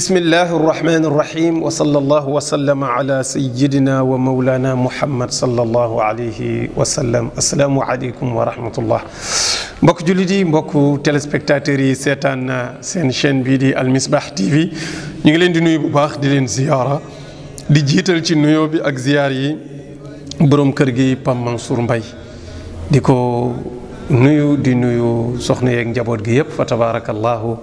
بسم الله الرحمن الرحيم وصلى الله وسلم على سيدنا ومولانا محمد صلى الله عليه وسلم السلام عليكم ورحمة الله بك جلدي بك تلسبكتاتري سيتان سين شين بيدي المسبح تي في نيغلين دي نويب باخ دي لين زيارة دي جيتل چي نويوب اك زياري بروم كرغي پام منصور مباي دي كو نويو دي نويو سخنة ينجابود جيب فتبارك الله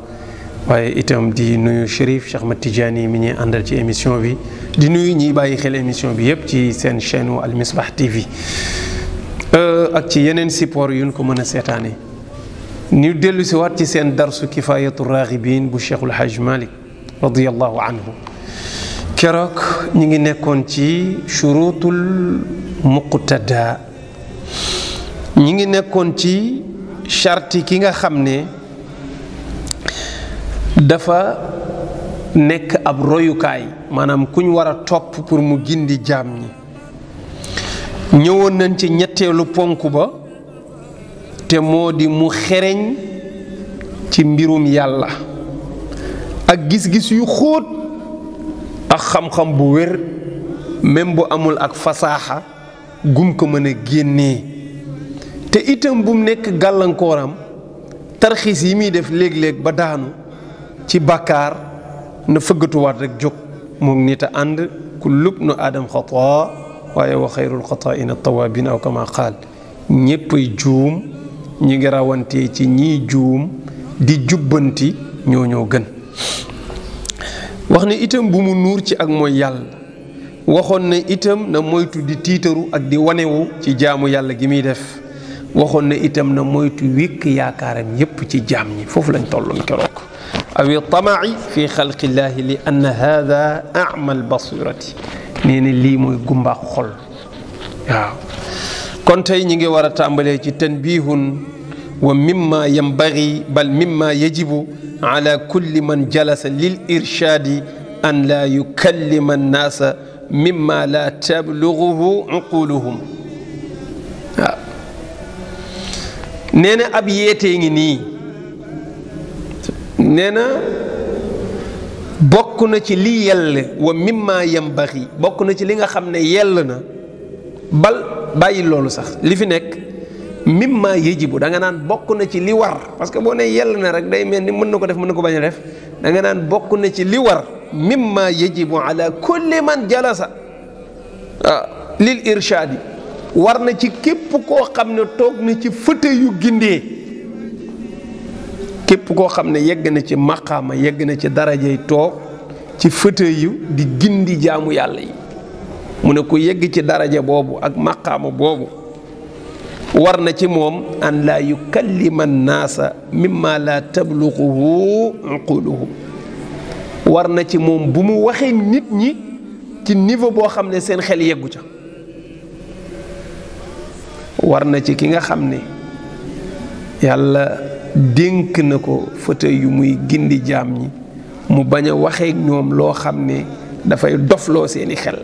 waaye itam di nuyu Chérif Cheikh Ahmed Tidiane mi ñuy àndal ci émission bi di nuyu ñi bàyyi xel émission bi yépp ci seen chaîne Al Misbah TV ak ci yeneen support yu ñu ko mën a seetaane ñu dellu si waat ci seen darsu kifaayatu raaxibin bu Cheikhul Haj Malik radiallahu anhu keroog ñi ngi nekkoon ci shurutul muqtada ñi ngi nekkoon ci charti ki nga xam ne dafa nekk ab royukaay maanaam kuñ war a topp pour mu gindi jaam ñi ñëwoon nañ ci ñetteelu ponk ba te moo di mu xereñ ci mbirum yàlla ak gis-gis yu xóot ak xam-xam bu wér même bu amul ak fasaaxa gum ko mën a génnee te itam bum nekk gàllankooram tarxiis yi muy def léeg-léeg ba daanu ci bàkkaar na fëggatuwaat rekk jóg moom nit a ànd kullu bnu aadam xataa waaye wa xayrul xataa'ina tawaabiin aw kama qaal ñéppay juum ñi ngi rawantee ci ñiy juum di jubbanti ñoo ñoo gën wax ne itam bu ci ak mooy yàlla waxoon itam na moytu di tiitaru ak di wanewu ci jaamu yàlla gi muy def waxoon na itam na moytu wékk yaakaaram yépp ci jaam ñi foofu lañ tolloon keroog أو الطمع في خلق الله لأن هذا أعمى البصيرة نين اللي مو يقوم بخل كنت ينجي ورا تعملي تنبيه ومما ينبغي بل مما يجب على كل من جلس للإرشاد أن لا يكلم الناس مما لا تبلغه عقولهم نين أبيتيني nee na bokk na ci li yell wa mimma yambaxi bokk na ci li nga xam ne yell na bal bàyyi loolu sax li fi nekk mimma yajibu da nga naan bokk na ci li war parce que boo nee yell na rek day mel ni mën na ko def mën na ko bañ def da nga naan bokk na ci li war mimma yajibu ala kulli man jalasa ah, lil irshaadi war na ci képp koo xam ne toog na ci fëte yu gindee képp koo xam ne yegg na ci maqaama yegg na ci darajay toog ci fauteuil yu di gindi jaamu yàlla yi mu ne ko yegg ci daraja boobu ak maqaama boobu war na ci moom an laa yukallima naasa mimma laa tabluguhu uquluhum war na ci moom bu mu waxee nit ñi ci niveau boo xam ne seen xel yeggu ca war na ci ki nga xam ne yàlla dénk na ko fauteuil yu muy gindi jaam ñi mu bañ a waxee ñoom loo xam ne dafay dofloo seeni xel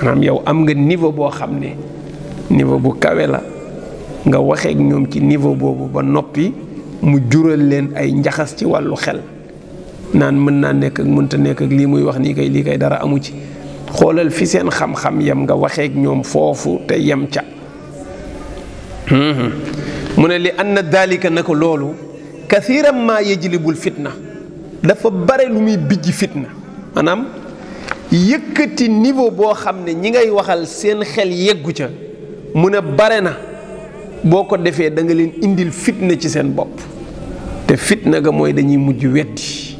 maanaam yow am nga niveau boo xam ne niveau bu kawe la nga waxeek ñoom ci niveau boobu ba noppi mu jural leen ay njaxas ci wàllu xel naan mën naa nekk ak mënta nekk ak lii muy wax nii kay lii kay dara amu ci xoolal fi seen xam-xam yem nga waxeek ñoom foofu te yem ca hmm, hmm. mu ne li an anna dalika ko loolu kathiran maa yajlibul fitna dafa bare lu muy bijj fitna maanaam yëkkati niveau boo xam ne ñi ngay waxal seen xel yeggu ca mu ne bare na boo ko defee danga leen indil fitna ci seen bopp te fitna ga mooy dañuy mujj weddi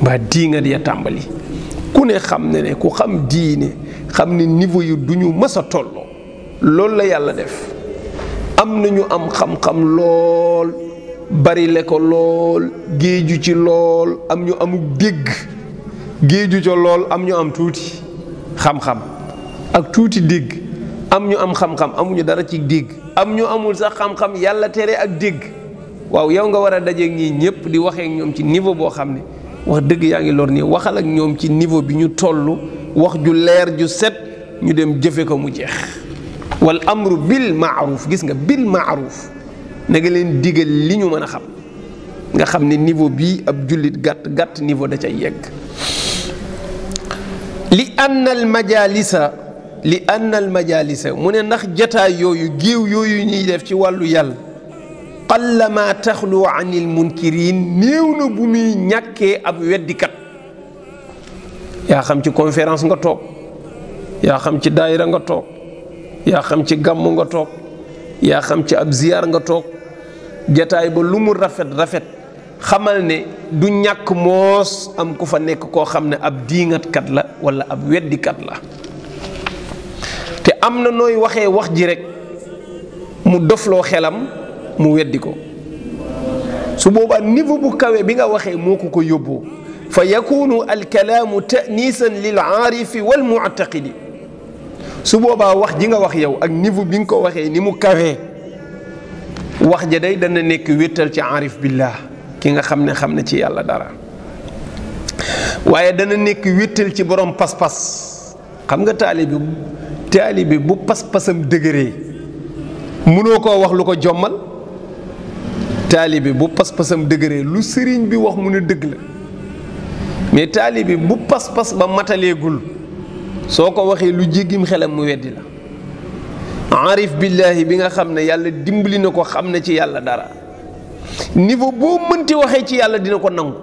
mbaa diingat ya tàmbali ku ne xam ne ne ku xam diine xam ne niveau yu du ñu mës a tolloo loolu la yàlla def am na ñu am xam-xam lool bari le ko lool géeju ci lool am ñu amul dégg géeju ca lool am ñu am tuuti xam-xam ak tuuti dégg am ñu am xam-xam amuñu dara ci dégg am ñu amul sax xam-xam yàlla tere ak dégg waaw yow nga war a dajeeg ñii ñëpp di waxee ñoom ci niveau boo xam ne wax dëgg yaa ngi lor nii waxal ak ñoom ci niveau bi ñu tollu wax ju leer ju set ñu dem jëfe ko mu jeex wal amru bil maaruf gis nga bil maaruf nag leen digal li ñu mën a xam nga xam ni niveau bii ab jullit gàtt gàtt niveau da cay yegg li ann al majalisa mu ne ndax jataay yooyu géew yooyu ñuy def ci wàllu yàlla qalla ma taxlu an il munkirin néew na bu muy ñàkkee ab weddikat yaa xam ci conférence nga toog yaa xam ci daayira nga toog yaa xam ci gàmm nga toog yaa xam ci ab ziyaar nga toog jataay ba lu mu rafet rafet xamal ne du ñàkk moos am ku fa nekk koo xam ne ab diingatkat la walla ab weddikat la te am na nooy waxee wax ji rekk mu dofloo xelam mu weddi ko su boobaa niveau bu kawe bi nga waxee moo ko ko yóbboo fa yakunu alkalaamu ta'niisan lil aarifi wal mu'taqidi su boobaa wax ji nga wax yow ak niveau bi nga ko waxee ni mu kawee wax ja day dana nekk wéttal ci arif billah ki nga xam ne xam ne ci yàlla dara waaye dana nekk wéttal ci borom pas-pas xam nga taalibi taalibi bu pas-pasam dëgëree mënoo koo wax lu ko jommal taalibi bu pas-pasam dëgëree lu sëriñ bi wax mu ne dëgg la mais taalibi bu pas-pas ba mataleegul soo ko waxee lu jéggim xelam mu weddi la arif billaahi bi nga xam ne yàlla dimbali na ko xam na ci yàlla dara niveau boo mënti waxee ci yàlla dina ko nangu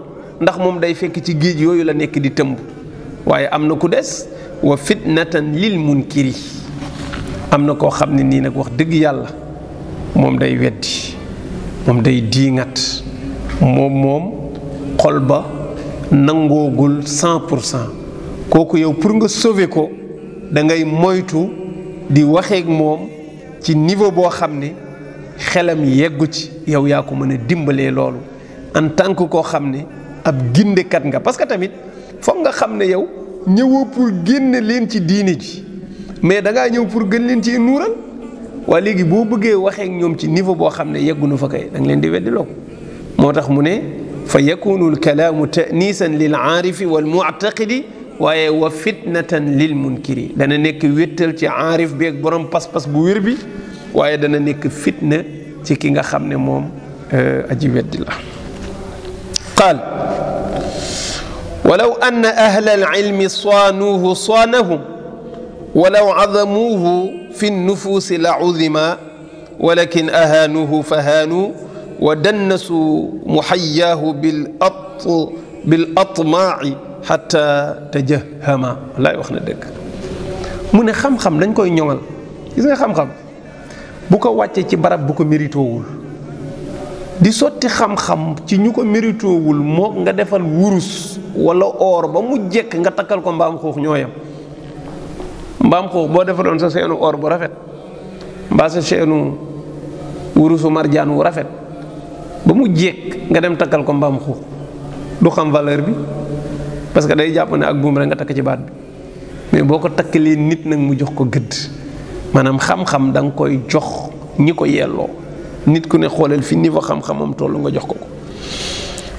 ndax moom day fekk ci géej yooyu la nekk di tëmb waaye am na ku des wa fitnatan lil munkiri am na koo xam ne nii nag wax dëgg yàlla moom day weddi moom day diingat moom moom xol ba nangoogul cent pour cent kooku yow pour nga sauver ko da ngay moytu di waxeek moom ci niveau boo xam ne xelam yeggu ci yow yaa ko mën a dimbalee loolu en tant koo xam ne ab gindekat nga parce que tamit foog nga xam ne yow ñëwoo pour génne leen ci diine ji mais dangaa ñëw pour gën leen ci nuural waa léegi boo bëggee waxeek ñoom ci niveau boo xam ne yeggu nu fa kay da leen di weddiloo moo tax mu ne fa yakunu alkalaamu ta'niisan lil aarifi wal mu'taqidi waaye wa fitnatan lil munkiri dana nekk wéttal ci enrif bi ak borom pas-pas bu wér bi waaye dana nekk fitna ci ki nga xam ne moom aji weddi la qaal ولو أن أهل العلم صانوه صانهم ولو عظموه في النفوس لعظم ولكن أهانوه فهانوا ودنسوا محياه بالأط بالأطماع xatta tajahama wallaay wax na dëgg mu ne xam-xam dañ koy ñoŋal gis nga xam-xam bu ko wàccee ci barab bu ko méritoowul di sotti xam-xam ci ñu ko méritoowul moo nga defal wurus wala or ba mu jékk nga takkal ko mbaam xuux ñoo yem mbaam xuux boo defaloon sa seenu or bu rafet mbaa sa seenu wurusu marjaan wu rafet ba mu jékk nga dem takkal ko mbaam xuux du xam valeur bi parce que day jàpp ak buum rek nga takk ci baat bi mais boo ko takkalee nit nag mu jox ko gëdd maanaam xam-xam da nga koy jox ñi ko yelloo nit ku ne xooleel fi niveau xam-xamam toll nga jox ko ko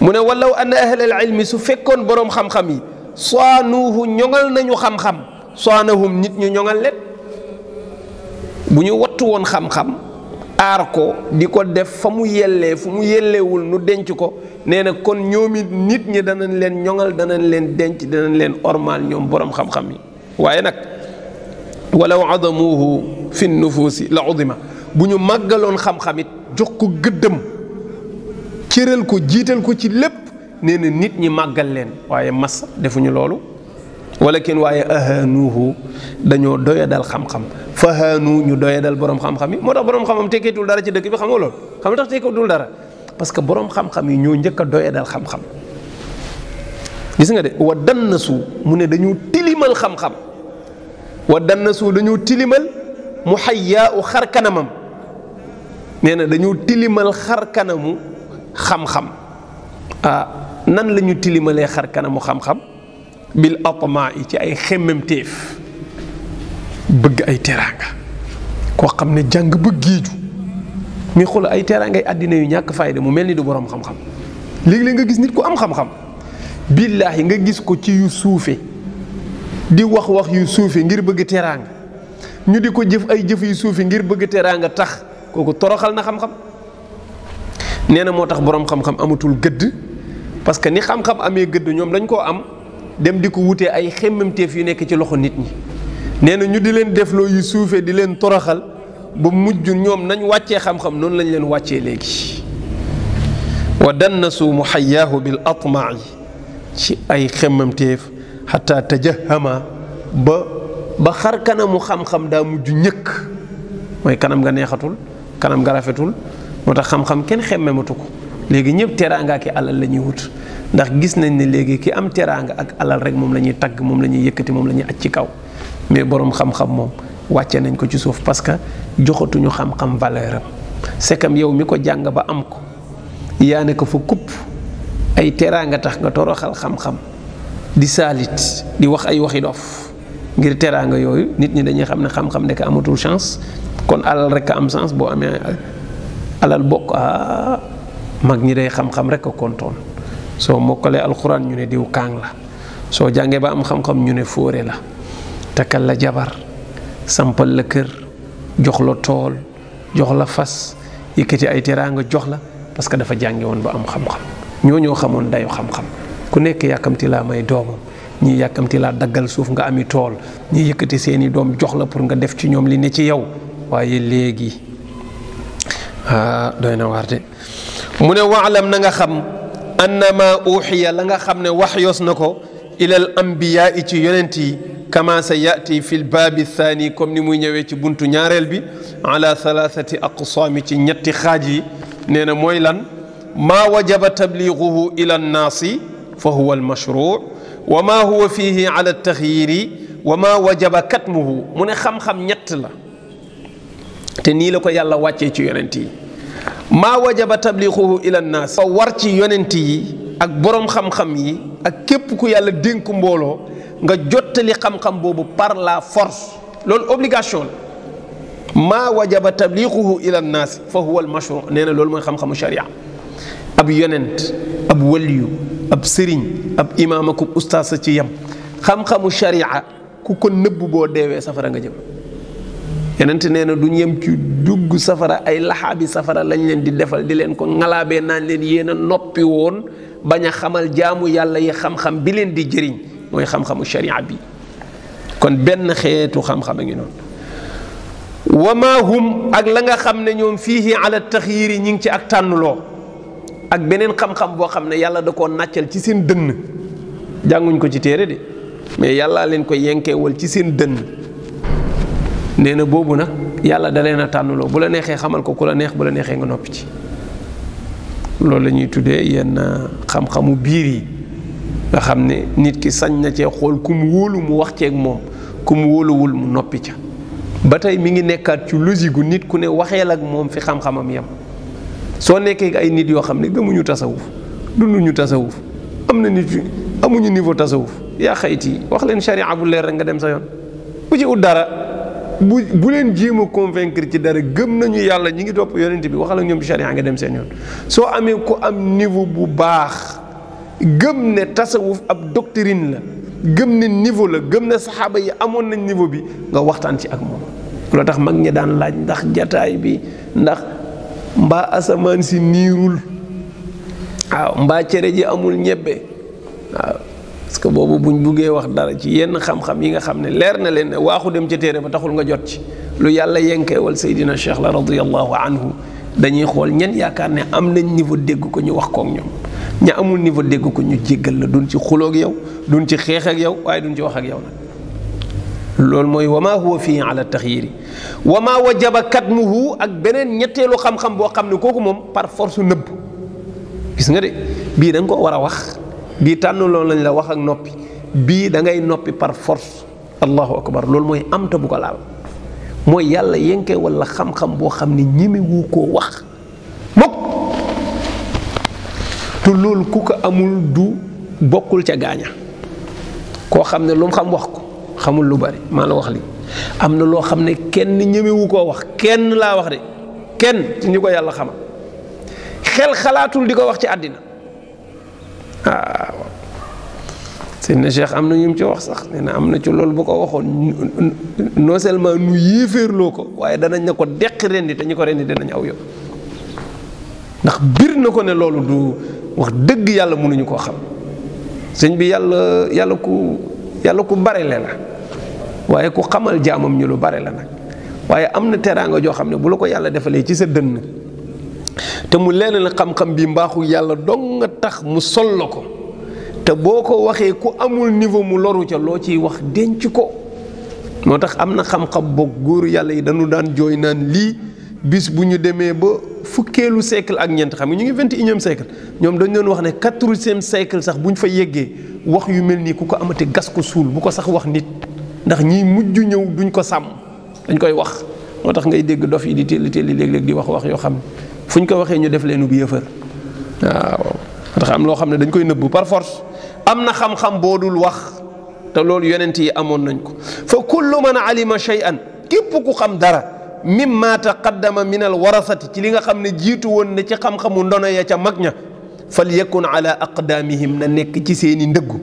mu ne walaw anna ahlal ilmi su fekkoon boroom xam-xam yi soanuuhu ñoŋal nañu xam-xam soanahum nit ñu ñoŋal leen bu ñu wattu woon xam-xam aar ko di ko def fa mu yellee fu mu yellewul nu denc ko nee na kon ñoom nit ñi danañ leen ñoŋal danañ leen denc danañ leen ormaal ñoom boroom xam-xam yi waaye nag walaw adamuhu fi nufuusi la udima bu ñu màggaloon xam-xam it jox ko gëddëm cëral ko jiital ko ci lépp nee na nit ñi màggal leen waaye massa defuñu loolu walakin waaye ahaanuuhu dañoo doyadal xam-xam fa haanu ñu doyadal borom xam-xam yi moo tax borom xam-xam tekkitul dara ci dëkk bi xam nga loolu xam nga tax tekkitul dara parce que borom xam-xam yi ñoo njëkk a doyadal xam-xam. gis nga de wa dannasu mu ne dañu tilimal xam-xam wa dannasu dañu tilimal mu xayyaa u xar kanamam nee na dañu tilimal xar kanamu xam-xam ah, nan la ñu tilimalee xar kanamu xam-xam. bil atmaa yi ci ay xemmemteef bëgg ay teraanga koo xam ne jàng ba géeju muy xool ay teraangay àddina yu ñàkk fay fayda mu mel ni du boroom xam-xam léegi-léeg nga gis nit ku am xam-xam yi nga gis ko ci yu suufe di wax wax yu suufe ngir bëgg teraanga ñu di ko jëf ay jëf yu suufe ngir bëgg teraanga tax kooku toroxal na xam-xam nee na moo tax boroom xam-xam amatul gëdd parce que ni xam-xam amee gëdd ñoom dañ koo am dem diko wuté ay xemmemteef yu nekk ci loxo nit ñi néna ñu di leen def lo yu soufé di leen toroxal ba mujj ñom nan waccé wàccee xam-xam non lañ leen waccé légui wa dannasu muhayyahu bil atma'i ci ay xemmemteef hatta tajahama ba ba xar kanamu xam-xam da mujj ñëkk moy kanam nga neexatul kanam nga rafetul motax xam-xam kenn xemmematu ko léegi ñëpp téranga ki alal lañuy wut ndax gis nañ ne léegi ki am teraanga ak alal rek moom la ñuy tagg moom la ñuy yëkkati moom la ñuy aj ci kaw mais borom xam-xam moom wàcce nañ ko ci suuf parce que joxatuñu xam-xam valeur am sekam yow mi ko jàng ba am ko yaa ne ko fa kupp ay teraanga tax nga toroxal xam-xam di saalit di wax ay waxi dof ngir teraanga yooyu nit ñi dañuy xam ne xam-xam nekk amatul chance kon alal rek a am chance boo amee alal bokk ah, mag ñi day xam-xam rek a kontoon soo mokkalee alxuraan ñu ne diw kaang la soo jàngee ba am xam-xam ñu ne fóore la takkal la jabar sampal la kër jox la tool jox la fas yëkkati ay teraanga jox la parce que dafa jànge woon ba am xam-xam ñoo ñoo xamoon dayu xam-xam ku nekk yàkkamti laa may doomam ñii yàkkamti laa daggal suuf nga ami tool ñii yëkkati seeni doom jox la pour nga def ci ñoom li ne ci yow waaye léegi ah doy na waar de mu ne waalam na xam انما اوحي لغا خامني وحيوس نكو الى الانبياء تي يونتي كما سياتي في الباب الثاني كوم ني موي نيوي تي بي على ثلاثه اقسام تي نيتي خاجي نينا ما وجب تبليغه الى الناس فهو المشروع وما هو فيه على التغيير وما وجب كتمه من خم خم نيت لا تي واتي تي يونتي maa wajaba tablixuhu ila nnaas fa war ci yonent yi ak boroom xam-xam yi ak képp ku yàlla dénk mbooloo nga jottali xam-xam boobu par la force loolu obligation la maa wajaba tablixuhu ila nnaas fa huwa almashru nee na loolu mooy xam-xamu sharia ab yonent ab waliyu ab sëriñ ab imaam akub ustaas ci yem xam-xamu sharia ku ko nëbb boo deewee safara nga jëm yonent nee na du yem ci dugg safara ay laxaabi safara lañ leen di defal di leen ko ngalaabee naan leen yéen a noppi woon bañ a xamal jaamu yàlla yi xam-xam bi leen di jëriñ mooy xam-xamu sharia bi kon benn xeetu xam-xam a ngi noonu wama hum ak la nga xam ne ñoom fii ala taxyiir yi ñi ngi ci ak tànnuloo ak beneen xam-xam boo xam ne yàlla da koo nàccal ci seen dënn jànguñ ko ci téere de mais yàlla leen ko yenkeewal ci seen dënn nee na boobu nag yàlla da na a tànnloo bu la neexee xamal ko ku la neex bu la neexee nga noppi ci loolu lañuy tuddee yenn xam-xamu biir yi nga xam ne nit ki sañ na cee xool ku mu wóolu mu wax ceeg moom ku mu wóoluwul mu noppi ca ba tey mi ngi nekkaat ci logique nit ku ne waxeel ak moom fi xam-xamam yem soo nekkee ay nit yoo xam ne gëmuñu tasawuf ñu tasawuf am na nit amuñu niveau tasawuf yaa yi wax leen sharia bu leer rek nga dem sa yoon bu bu leen jéem a convaincre ci dara gëm nañu yàlla ñi ngi topp yonent bi waxal ak ñoom ci a ngi dem seen yoon soo amee ku am niveau bu baax gëm ne tasawuf ab doctrine la gëm ne niveau la gëm ne saxaaba yi amoon nañ niveau bi nga waxtaan ci ak moom loo tax mag ñi daan laaj ndax jataay bi ndax mbaa asamaan si niirul waaw mbaa cere ji amul ñebbe waaw parce que bobu buñ buggee wax dara ci yenn xam-xam yi nga xamné lér na len ne waaxu dem ci téré ba taxul nga jot ci lu yàlla yenké wal sayidina Cheikh la radiyallahu anhu dañuy xol ñen yaakar ne am nañ niveau dégg ko ñu wax kook ñom ña amul niveau dégg ko ñu jéggal la duñ ci xulo ak yow duñ ci xex ak yow waaye duñ ci wax ak yow nak loolu moy wama huwa fi ala at-takhyir wama wajaba katmuhu ak benen ñettelu xam xam-xam bo xam koku mom par force neub gis nga de bi dang ko wara wax bi lo lañ la wax ak nopi bi da ngay nopi par force allahu akbar lol moy am ta bu ko laal moy yalla yenke wala xam-xam bo xamni ñimi wu ko wax bok te lol ku ko amul du bokul ca gaña ko xamne ne lu xam wax ko xamul lu bari ma la wax li am lo xamne kenn ne wu ko wax kenn la wax de kenn ci ñuko yalla xama xel di ko wax ci adina waaw seen na am na ñu ci wax sax nee na am na ci loolu bu ko waxoon non seulement nu yéeféerloo ko waaye danañ na ko deqi rendi te ñu ko rendi danañ aw yoon ndax bir na ko ne loolu du wax dëgg yàlla mënuñu koo xam sëñ bi yàlla yàlla ku yàlla ku bare le la waaye ku xamal jaamam ñu lu bare la nag waaye am na teraanga joo xam ne bu la ko yàlla defalee ci sa dënn te mu leen la xam-xam bi mbaaxu yàlla dong nga tax mu sol la ko te boo ko waxee ku amul niveau mu loru ca loo ciy wax denc ko moo tax am na xam-xam boog góor yàlla yi dañu daan jooy naan lii bis bu ñu demee ba fukkeelu siècle ak ñeent xam nga ñu ngi vingt et unième ñoom dañ doon wax ne quatorzième siècle sax bu ñu fa yeggee wax yu mel nii ku ko amate gas ko suul bu ko sax wax nit ndax ñiy mujj ñëw duñ ko sàmm dañ koy wax moo tax ngay dégg dof yi di telli telli léeg-léeg di wax wax yoo xam ne fuñ ko waxee ñu def leen bu yëfër waaw ndax am loo xam ne dañ koy nëbbu par force am na xam-xam boo dul wax te loolu yonent yi amoon nañ ko fa kullu man alima shay'an képp ku xam dara mimma taqaddama min al warasati ci li nga xam ne jiitu woon ne ci xam-xamu ndono ya ca mag ña fal yakun ala aqdamihim na nekk ci seeni ndëggu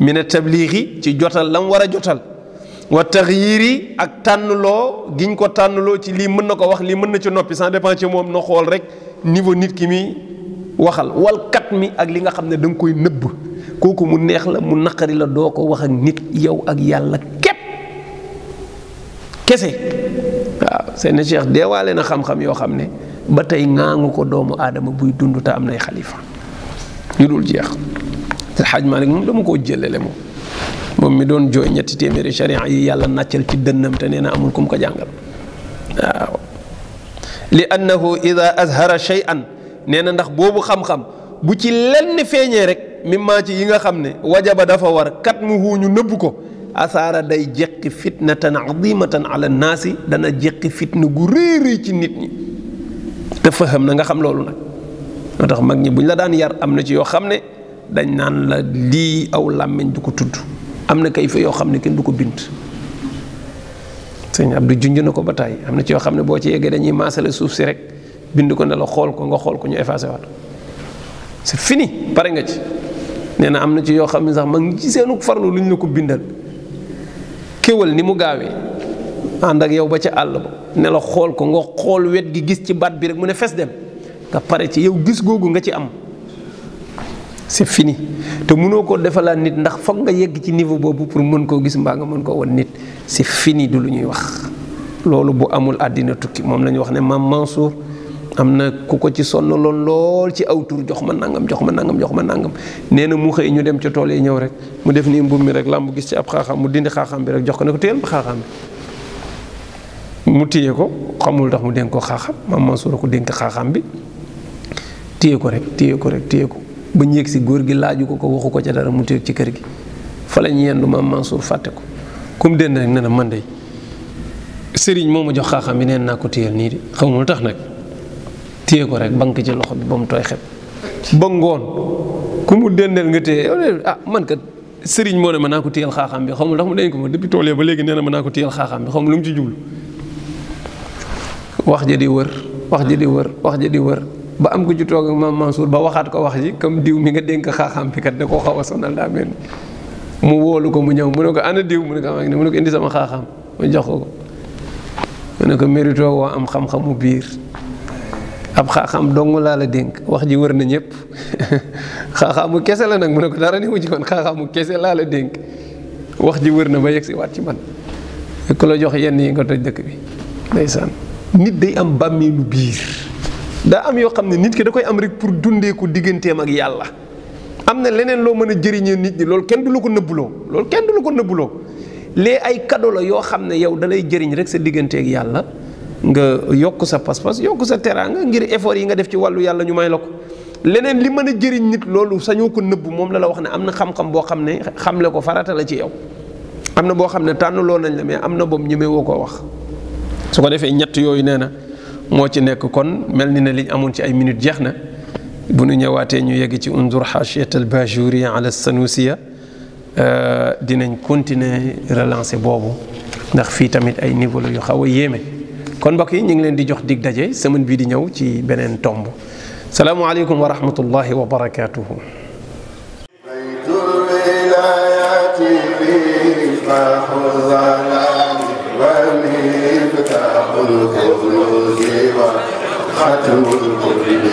min at tabliixi ci jotal lam war a jotal wa taghyiri ak tanlo giñ ko tanlo ci li mën nako wax li mën na ci nopi sans dépend ci mom no xol rek niveau nit ki mi waxal wal katmi mi ak li nga xamne dang koy neub koku mu neex la mu nakari la do ko wax ak nit yow ak yalla kep kese waaw seen cheikh deewaale na xam-xam yo xamne ba tay ngaangu ko doomu adam buy dundu ta am nay khalifa yu jeex te dama ko jëlele mom Mudun mi don joy ñetti téméré sharia yi yalla naccal ci dënnam te na amul kum ko jangal waaw li annahu ida azhara shay'an nee ndax bobu xam-xam bu ci lenn feeñee rek mimma ci yi nga xam wajaba dafa war kat mu ñu nëbb ko asara day jekk fitnatan azimatan ala nasi dana jekk fitna gu reere ci nit ñi te faham na nga xam lolu nak motax mag ñi buñ la daan yar amna ci yo xamne dañ nan la li aw du ko tuddu am na kay kayfa yoo xam ne kenn du ko bind sëñ du junj na ko ba tàyyi am na ci yoo xam ne boo ci yeggee dañuy maasale suuf si rek bind ko ne la xool ko nga xool ko ñu fini pare nga ci nee na am na ci yoo xam ne sax mag ci seenu farlu lu ñu ko bindal kéwal ni mu gaawee ànd ak yow ba ca àll ne la xool ko nga xool wet gi gis ci baat bi rek mu ne fes dem nga pare ci yow gis googu nga ci am c'est fini te mënoo ko defalaat nit ndax foog nga yegg ci niveau boobu pour mën koo gis mbaa nga mën koo won nit c'est fini du lu ñuy wax loolu bu amul àddina tukki moom la ñu wax ne mam mansour am na ku ko ci sonn loon lool ci aw tour jox ma nangam jox ma nangam jox ma nangam nee na mu xëy ñu dem ci tool yi ñëw rek mu def nii mbub mi rek làmb gis ci ab xaaxam mu dindi xaaxam bi rek jox ko ne ko téyel ba bi mu téye ko xamul tax mu dénk ko xaaxam mam mansour ko dénk xaaxam bi téye ko rek téye ko rek ko ba ñeek si goor gi laaju ko ko waxu ko ci dara mu teek ci kër gi fa lañ yendu ma mansour fàtte ko kum den nak na man day sëriñ moo jox xaxam bi neen na ko téyel ni xawmu tax nak téye ko rek bank ci loxo bi bam toy xeb ba ngoon kumu dendel nga ah man ka sëriñ mo ne man ko téyel xaxam bi xawmu tax mu deñ ko ma depuis toolee ya ba na ko xaxam bi xawmu lu mu ci jublu wax ji di wër wax ji di wër wax ji di wër ba am ko ci tok ak mam mansour ba waxat ko wax ji comme diw mi nga denk xaxam fi kat da ko xawa sonal da mel mu wolu ko mu ñew mu ne ko ana diw mu ne ko ne mu ne ko indi sama xaxam mu jox ko mu ne ko merito wa am xam-xamu bir ab xaxam dong la la denk wax ji wër na ñëpp xaaxamu kese la nak mu ne ko dara ni wu ci kon xaaxamu kese la denk wax ji wër na ba yegg wat ci man ko la jox yenn yi nga toj dekk bi ndaysan nit day am lu bir daa am yoo xam ne nit ki da koy am rek pour dundee ko digganteem ak yàlla am na leneen loo mën a jëriñee nit ñi loolu kenn du la ko nëbbuloo kenn du la ko nëbbuloo ay cadeau yoo xam ne yow da lay jëriñ rek sa digganteeg yàlla nga yokk sa pas yokk sa teraanga ngir effort yi nga def ci wàllu yàlla ñu may la ko li mën a jëriñ nit loolu sañoo ko nëbb moom la la wax ne am na xam-xam boo xam ne xamle ko farata la ci yow am na boo xam ne tànn loo nañ la mais am na boobu ñemewoo koo wax su ko defee ñett yooyu nee na. moo ci nekk kon mel ni ne liñ amoon ci ay minute jeex na bu nu ñëwaatee ñu yegg ci undur xaasiyat al bajuria ala sanusiya dinañ continuer relancer boobu ndax fii tamit ay niveau la yu xaw a yéeme kon mbokk yi ñu ngi leen di jox dig daje semaine bii di ñëw ci beneen tomb salaamualeykum wa rahmatullahi wa barakaatuhu. فخذ العلم والمفتاح الكفر ختم القرآن